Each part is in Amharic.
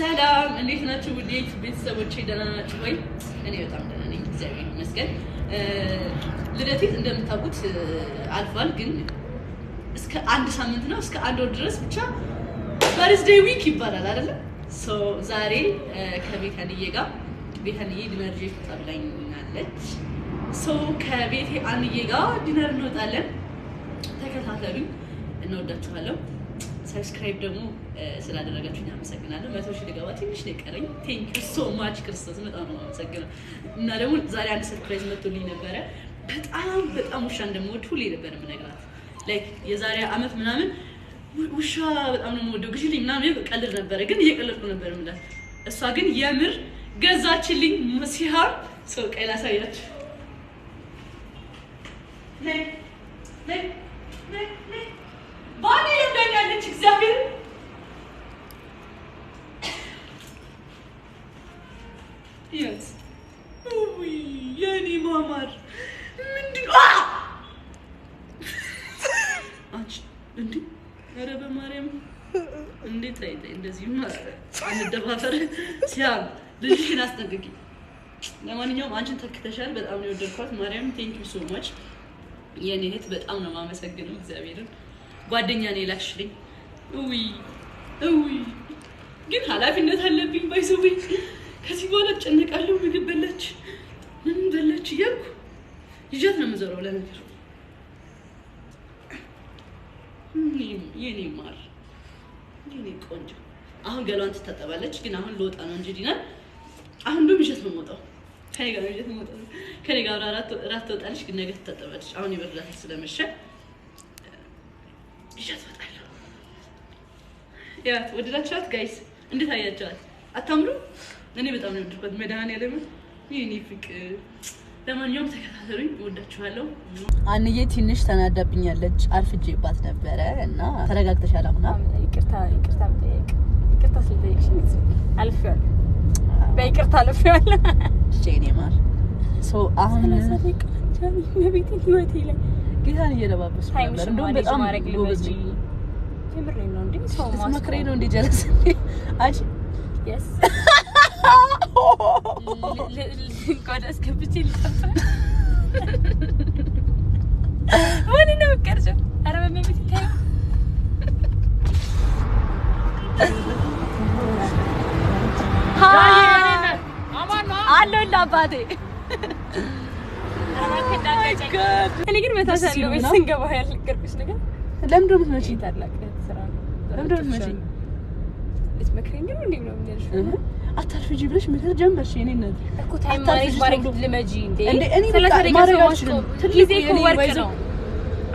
ሰላም እንዴት ናችሁ? ውዴት ቤተሰቦቼ ደህና ናችሁ ወይ? እኔ በጣም ደህና ነኝ፣ እግዚአብሔር ይመስገን። ልደቴት እንደምታውቁት አልፏል፣ ግን እስከ አንድ ሳምንት ነው እስከ አንድ ወር ድረስ ብቻ በርዝዴይ ዊክ ይባላል አይደለ? ዛሬ ከቤተንዬ ጋር ቤተንዬ ዲነር ይዤ ከቤቴ አንዬ ጋር ዲነር እንወጣለን። ተከታተሉኝ፣ እንወዳችኋለሁ። ሰብስክራይብ ደግሞ ስላደረጋችሁ አመሰግናለሁ። መቶ ሺህ ልገባ ትንሽ ነው የቀረኝ። ቴንክ ዩ ሶ ማች ክርስቶስ በጣም ነው አመሰግናለሁ። እና ደግሞ ዛሬ አንድ ሰርፕራይዝ መቶልኝ ነበረ። በጣም በጣም ውሻ እንደምወድ ሁሌ ነበር የምነግራት። ላይክ የዛሬ አመት ምናምን ውሻ በጣም ነው የምወደው ግዢልኝ ምናምን ቀልድ ነበረ፣ ግን እየቀለድኩ ነበር የምላት። እሷ ግን የምር ገዛችልኝ። መሲሃ ሰው ቀይ ላሳያችሁ ልጅሽን አስጠንቅቂ። ለማንኛውም አንቺን ተክተሻል። በጣም የወደድኳት። ማርያም ቴንኪ ሶ ማች የኔ እህት፣ በጣም ነው የማመሰግነው እግዚአብሔርን። ጓደኛ ነው የላክሽልኝ። እውይ እውይ፣ ግን ኃላፊነት አለብኝ ባይሰዊ። ከዚህ በኋላ ጨነቃለሁ። ምግብ በላች ምን በላች እያልኩ ይዣት ነው የምዞረው። ለነገር የኔ ማር የኔ ቆንጆ አሁን ገሏን ትታጠባለች። ግን አሁን ልወጣ ነው እንጂ ዲናል አሁን ደም ይዤት ነው የምወጣው። ከኔ ጋር ይዤት ነው የምወጣው። ከኔ ጋር እራት ትወጣለች፣ ግን ነገ ትታጠባለች። አሁን ይበርዳታል ስለመሸ ይዤት እወጣለሁ። ያት ወደዳችኋት ጋይስ? እንዴት አያችኋት? አታምሩ? እኔ በጣም ነው የወደድኳት። መድኃኒዓለም የኔ ፍቅር ለማንኛውም ተከታተሉኝ፣ እወዳችኋለሁ። አንዬ ትንሽ ተናዳብኛለች፣ አርፍጄባት ነበረ እና ተረጋግተሻል? አሁን ይቅርታ ይቅርታ ይቅርታ ስለጠየቅሽ አልፌዋለሁ በይቅርታ አልፌዋለሁ። ኔ ማር አሁን ቤት ህይወቴ ላይ ጌታን እየለባበሱ እንደውም በጣም ጎበዝ መክሬ ነው እንዴ ጀለስ አንቺ ቆዳ እስከብቼ ልጠፋ አባቴ እኔ ግን መታሰሉ ቤት ስንገባ ያልነገርኩሽ ነገር ለምዶ ምትመጪ ታላቅ ስራ ለምዶ ምትመጪ ልትመክሪኝ ነው እንዴ? ነው ምንድነሽ? አታርፍጂ ብለሽ ምክር ጀመርሽ። እኔ ነው እኮ ታይም ማኔጅ ማድረግ ልመጂ እንዴ? እኔ ጊዜ እኮ ወርቅ ነው።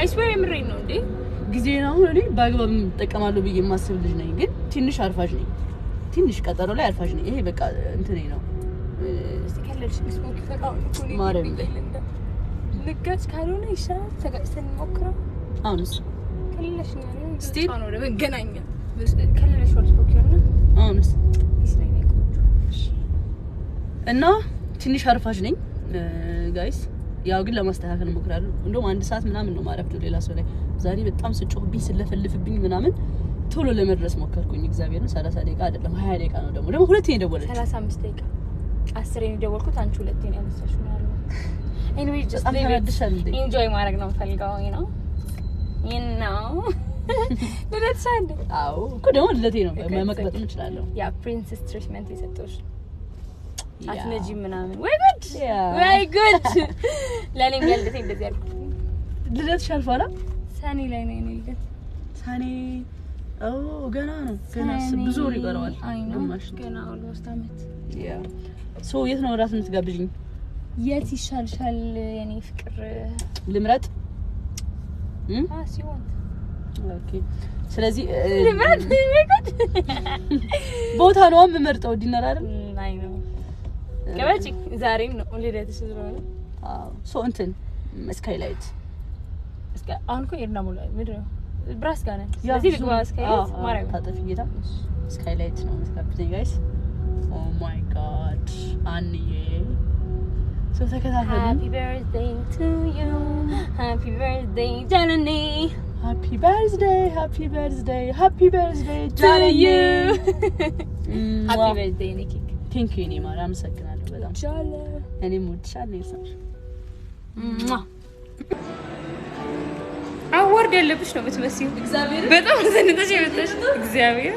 አይስዌር የምሬን ነው እንዴ? ጊዜን አሁን እኔ በአግባብ እጠቀማለሁ ብዬ የማስብ ልጅ ነኝ፣ ግን ትንሽ ነኝ። ትንሽ ቀጠሮ ላይ አርፋጅ ነኝ። ይሄ በቃ እንትኔ ነው ካልሽኝ ሞክረው ልጋጭ ካልሆነ ይሻላል። ተጋጭተን ሞክረው አሁን እሱ ከሌለሽኛ ነው ወደ መገናኛ ከሌለሽ ወደ ቶኪዮና እና ትንሽ አርፋሽ ነኝ ጋይስ። ያው ግን ለማስተካከል እሞክራለሁ። እንደውም አንድ ሰዓት ምናምን ነው ማረፍ ሌላ ሰው ላይ ዛሬ በጣም ስጮህብኝ ስለፈልፍብኝ ምናምን ቶሎ ለመድረስ ሞከርኩኝ። እግዚአብሔርን ሰላሳ ደቂቃ አይደለም ሀያ ደቂቃ ነው ደግሞ ደግሞ ሁለት ደወለች ሰላሳ አምስት ደቂቃ አስሬ ነው የደወልኩት፣ አንቺ ሁለቴ ነው ያነሳሽው ማለት ነው። ኤኒዌይ ጀስት ኢንጆይ ማድረግ ነው የምፈልገው ነው ነው ልደትሽ አንዴ። አዎ እኮ ደግሞ ልደቴ ነው መቅበጥ እንችላለሁ። ያ ፕሪንስስ ትሪትመንት የሰጠሁሽ አትነጂ ምናምን። ወይ ጉድ ወይ ጉድ! ለእኔም ለልደቴ እንደዚህ አልኩት። ልደትሽ አልፏል። ሰኔ ላይ ነው የእኔ ልደት። ሰኔ ገና ነው። ገና ብዙ ወር ይቀረዋል። ገና ኦልሞስት አመት ሰው የት ነው ራስ የምትጋብዥኝ? የት ይሻልሻል የኔ ፍቅር? ልምረጥ ሲሆን ስለዚህ ቦታ ነው የምመርጠው። ዲነር አይደል? ዛሬም ነው ልደትሽ ስለሆነ ሶ እንትን ስካይ ላይት አሁን እኮ ኤድና ሙሉ ምንድን ነው ብራስ ጋር ነን። ስለዚህ ልግባ ስካይ ላይት ማርያም ታጠፊ ጌታ ስካይ ላይት ነው ጋይስ ኦ ማይ ሀንዬ ሰው ተከታተሉ። ሃፒ በርዝዴይ ሃፒ በርዝዴይ ሃፒ በርዝዴይ ጃንዬ ሃፒ በርዝዴይ ቴንክ ዩ። እኔ ማርያም አመሰግናለሁ በጣም እኔም እወድሻለሁ። ይሳሽ አዋርድ ያለብሽ ነው የምትመስዪው። በጣም ዘንጠሽ የመጣሽ እግዚአብሔር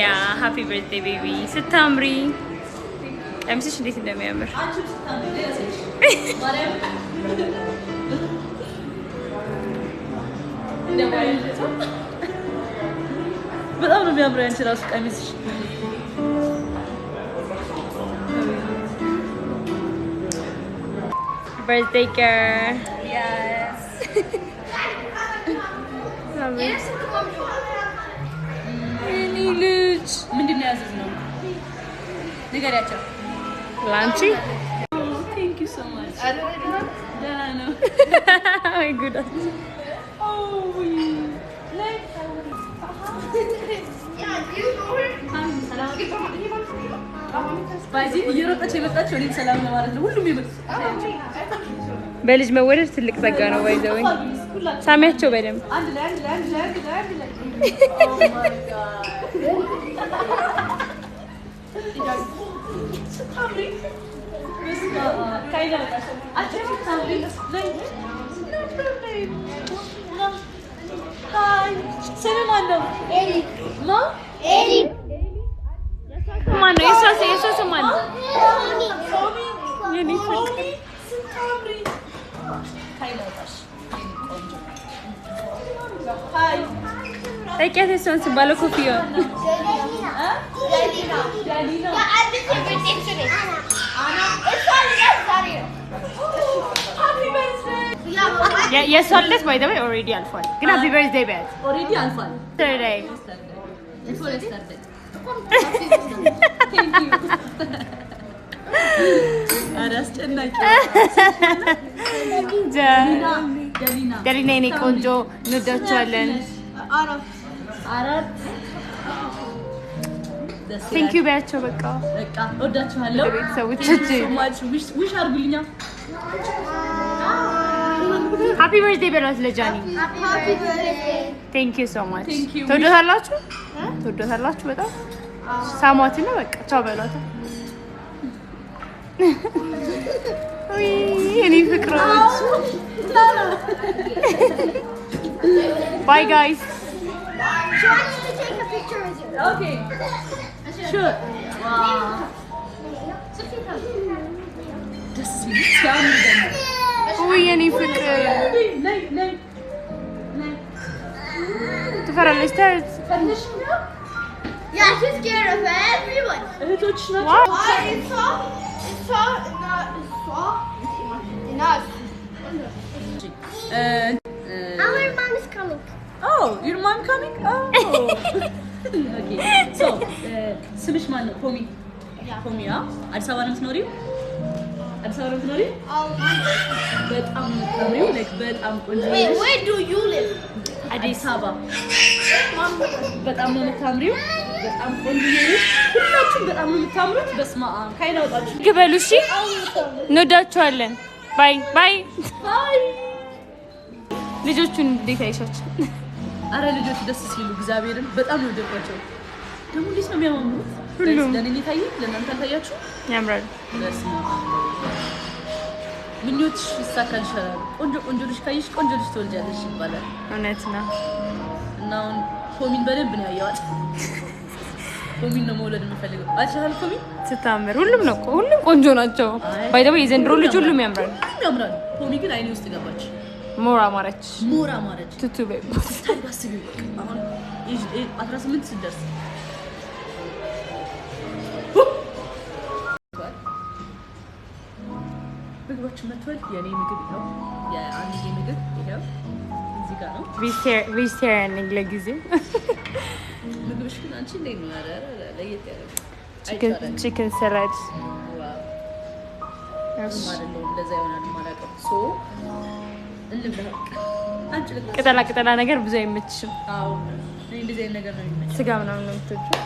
ያ ሃፒ በርዝዴይ ቤቢ ስታምሪ Emsi için de dinlemiyorum. Ay çok sıkıntı. Bir de yazayım. Bana Ben anlamıyorum buraya içeri Ik emsi için. Birthday girl. Yes. Yes, come on. Mini Luch. Mini Nazis. Ne ላንቺ በልጅ መወደድ ትልቅ ጸጋ ነው። ባይዘው ሳሚያቸው በደንብ አንድ Você tá brincando? Kaila, até eu tá brincando. Não problema. Não. Hi. Senin annem. Elif. Ma? Elif. Mano, isso assim, isso assim, mano. Somi. Yeni fark. Somi. Sıtamri. Kaila baş. Hi. Tem que atenção, esse balo copiou. Janina. Janina. Janina. Yeah, yeah, this by the way, already unfun. Can happy birthday, Beth? Already unfun. Saturday. Before it started. Thank you. አረስጨ ገሊና ገሊና የኔ ቆንጆ እንወዳችኋለን። አራት ደስ ይላል። ቴንክ ዩ በያቸው። በቃ በቃ ወዳችኋለሁ ቤተሰቦቻችን። ዊሽ አድርጉልኛ። ሃፒ በርዝዴይ በሏት ለጃኒ። ቴንክ ዩ ሶ ማች። ትወዶታላችሁ ትወዶታላችሁ በጣም ሳሟት ነው። በቃ ቻው በሏት። እኔ ፍቅሮች ባይ ጋይስ Sure. Wow. तस्वीर क्या वो ये नहीं फिट नहीं नहीं تفرج الستارز Yeah, she's scared of everyone. Это точно. What? It's so, it's so, it's so, it's so, uh, uh, Our mom is coming. Oh, your mom coming? Oh. ስምሽ ማን ነው? ፖሚ ፖሚ። አዲስ አበባ ነው የምትኖሪው? አዲስ አበባ ነው የምትኖሪው? በጣም የምታምሪው በጣም ቆንጆ አዲስ አበባ በጣም ነው የምታምሪው። በጣም ቆንጆ ሁላችሁም በጣም ነው የምታምሩት። በስመ አብ አውጣችሁ ግበሉ። እሺ እንወዳችኋለን። ባይ ባይ። ልጆቹን እንዴት አይሻችሁ? አረ ልጆች ደስ ሲሉ እግዚአብሔርን በጣም ነው ወደድኳቸው። ደግሞ እንዴት ነው የሚያማምሩት! ሁሉም ለእኔ ታየ፣ ለእናንተ አልታያችሁ? ያምራል። ምኞት ምኞትሽ ይሳካልሻል። ቆንጆ ቆንጆ ልጅ ካየሽ ቆንጆ ልጅ ትወልጃለሽ ይባላል። እውነት ነው። እና አሁን ሆሚን በደንብ ነው ያየዋት። ሆሚን ነው መውለድ የምፈልገው። አይሻል ሆሚን ስታምር። ሁሉም ነው ሁሉም ቆንጆ ናቸው። ባይ የዘንድሮ ልጅ ሁሉም ያምራል፣ ያምራል። ሆሚ ግን አይኔ ውስጥ ገባች። ሞራ ማረች ሞራ ማረች ትቱ ቤ ታዲያ አስራ ስምንት ስደርስ የኔ ምግብ ነው። የአንድ ምግብ ይኸው እዚህ ጋር ነው። ቬጀቴሪያን ነኝ ምግብሽ ግን አንቺ እንዴት ነው? ኧረ ለየት ያለ ቺክን ሰላድ እንደዛ ይሆናል። ቅጠላ ቅጠላ ነገር ብዙ አይመችሽም። ስጋ ምናምን ነው የምትወጂው።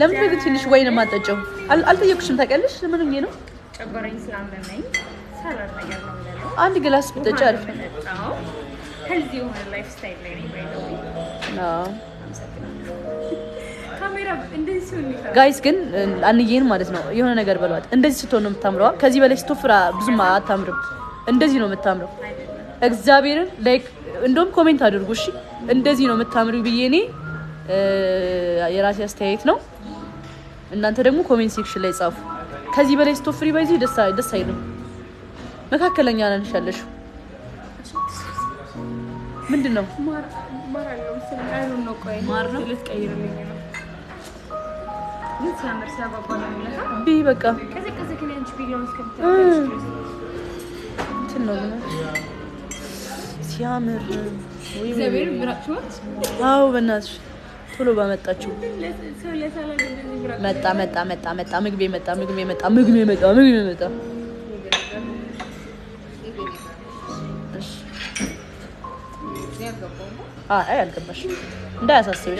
ለምን ግን ትንሽ ወይን የማጠጪው? አልጠየኩሽም። ታውቂያለሽ ለምን ብዬሽ ነው? አንድ ግላስ ብጠጪ አሪፍ ነው። ላይ ጋይስ ግን አንዬን ማለት ነው የሆነ ነገር በሏት። እንደዚህ ስትሆን ነው የምታምረዋ። ከዚህ በላይ ስትወፍራ ብዙም አታምርም። እንደዚህ ነው የምታምረው። እግዚአብሔርን ላይክ እንደውም ኮሜንት አድርጉ እሺ። እንደዚህ ነው የምታምሩ ብዬ እኔ የራሴ አስተያየት ነው። እናንተ ደግሞ ኮሜንት ሴክሽን ላይ ጻፉ። ከዚህ በላይ ስትወፍሪ ባይዚ ደስ አይልም። መካከለኛ ነንሻለሽ ምንድን ነው? ማር በቃ እንትን ነው ሲያምር። አዎ በእናትሽ ቶሎ ባመጣችው። መጣ መጣ መጣ መጣ ምግብ የመጣ ምግብ የመጣ ምግብ የመጣ ምግብ የመጣ? አይ አልገባሽም። እንዳያሳስብሽ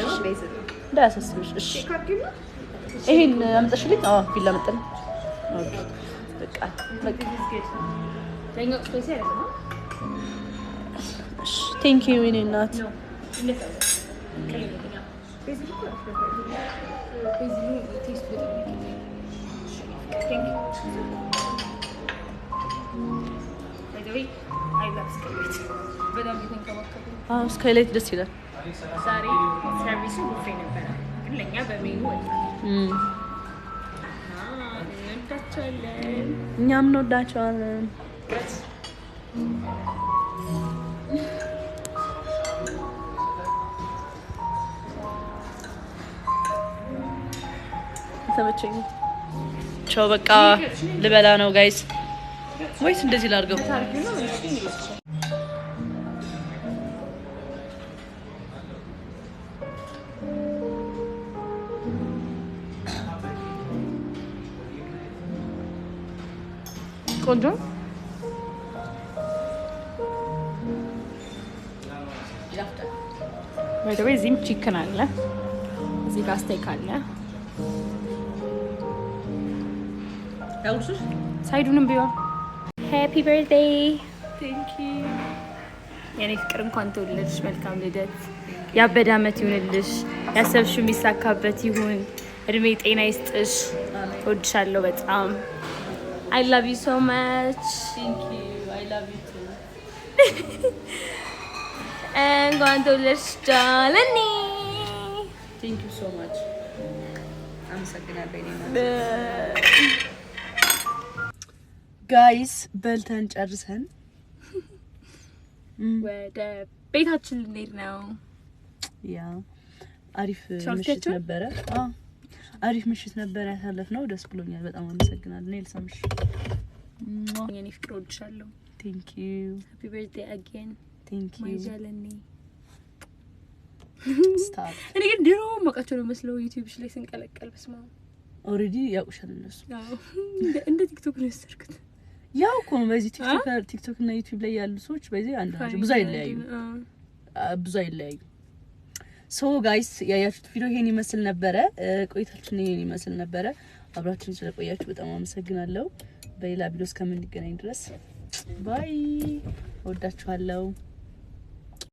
እንዳያሳስብሽ። እሺ ይሄን አምጠሽልኝ። አዎ ቢላ ኦኬ በቃ በቃ ቴንክ ዩ የእኔ እናት። ቴንክ ዩ ስካይላይት ደስ ይላል። ዛሬ ሰርቪሱ ቡፌ ነበረ፣ ግን ለእኛ በሜኑ እንወዳቸዋለን። እኛም እንወዳቸዋለን። ተመቸኝ። ቻው፣ በቃ ልበላ ነው ጋይስ Wo ist denn das hier largo? ቆንጆ ወይ እዚህም ቺክን አለ፣ እዚህ ጋር ስቴክ አለ። ሳይዱንም ቢሆን ሀፒ በርዝዴይ የኔ ፍቅር እንኳን ተወለድሽ። መልካም ልደት። ያበደ ዓመት ይሁንልሽ። ያሰብሽው የሚሳካበት ይሁን። እድሜ ጤና ይስጥሽ። እወድሻለሁ በጣም አይ ላቭ ዩ ሶ ማች። እንኳን ተወለድሽ ጃለኒ። አመሰግናለሁ። ጋይስ በልተን ጨርሰን ወደ ቤታችን ልንሄድ ነው። ያ አሪፍ ምሽት ነበረ። አሪፍ ምሽት ነበረ ያሳለፍነው። ደስ ብሎኛል። በጣም አመሰግናለሁ። ኤልሳ ምሽ የኔ ፍቅር ወድሻለሁ። ቴንክ ዩ ሃፒ በርዝዴይ አጌን ቴንክ ዩ ማይጃለኒ ስታር እኔ ግን ድሮ ማውቃቸው ነው መስለው ዩቲዩብሽ ላይ ስንቀለቀል በስማ ኦልሬዲ ያውቁሻል እነሱ እንደ ቲክቶክ ነው ያሰርኩት ያው እኮ ነው። በዚህ ቲክቶክ ቲክቶክ እና ዩቲዩብ ላይ ያሉ ሰዎች በዚህ አንድ ናቸው። ብዙ አይለያዩ ብዙ አይለያዩ። ሶ ጋይስ ያያችሁት ቪዲዮ ይሄን ይመስል ነበረ። ቆይታችን ይሄን ይመስል ነበረ። አብራችን ስለቆያችሁ በጣም አመሰግናለሁ። በሌላ ቪዲዮ እስከምንገናኝ ድረስ ባይ። ወዳችኋለሁ።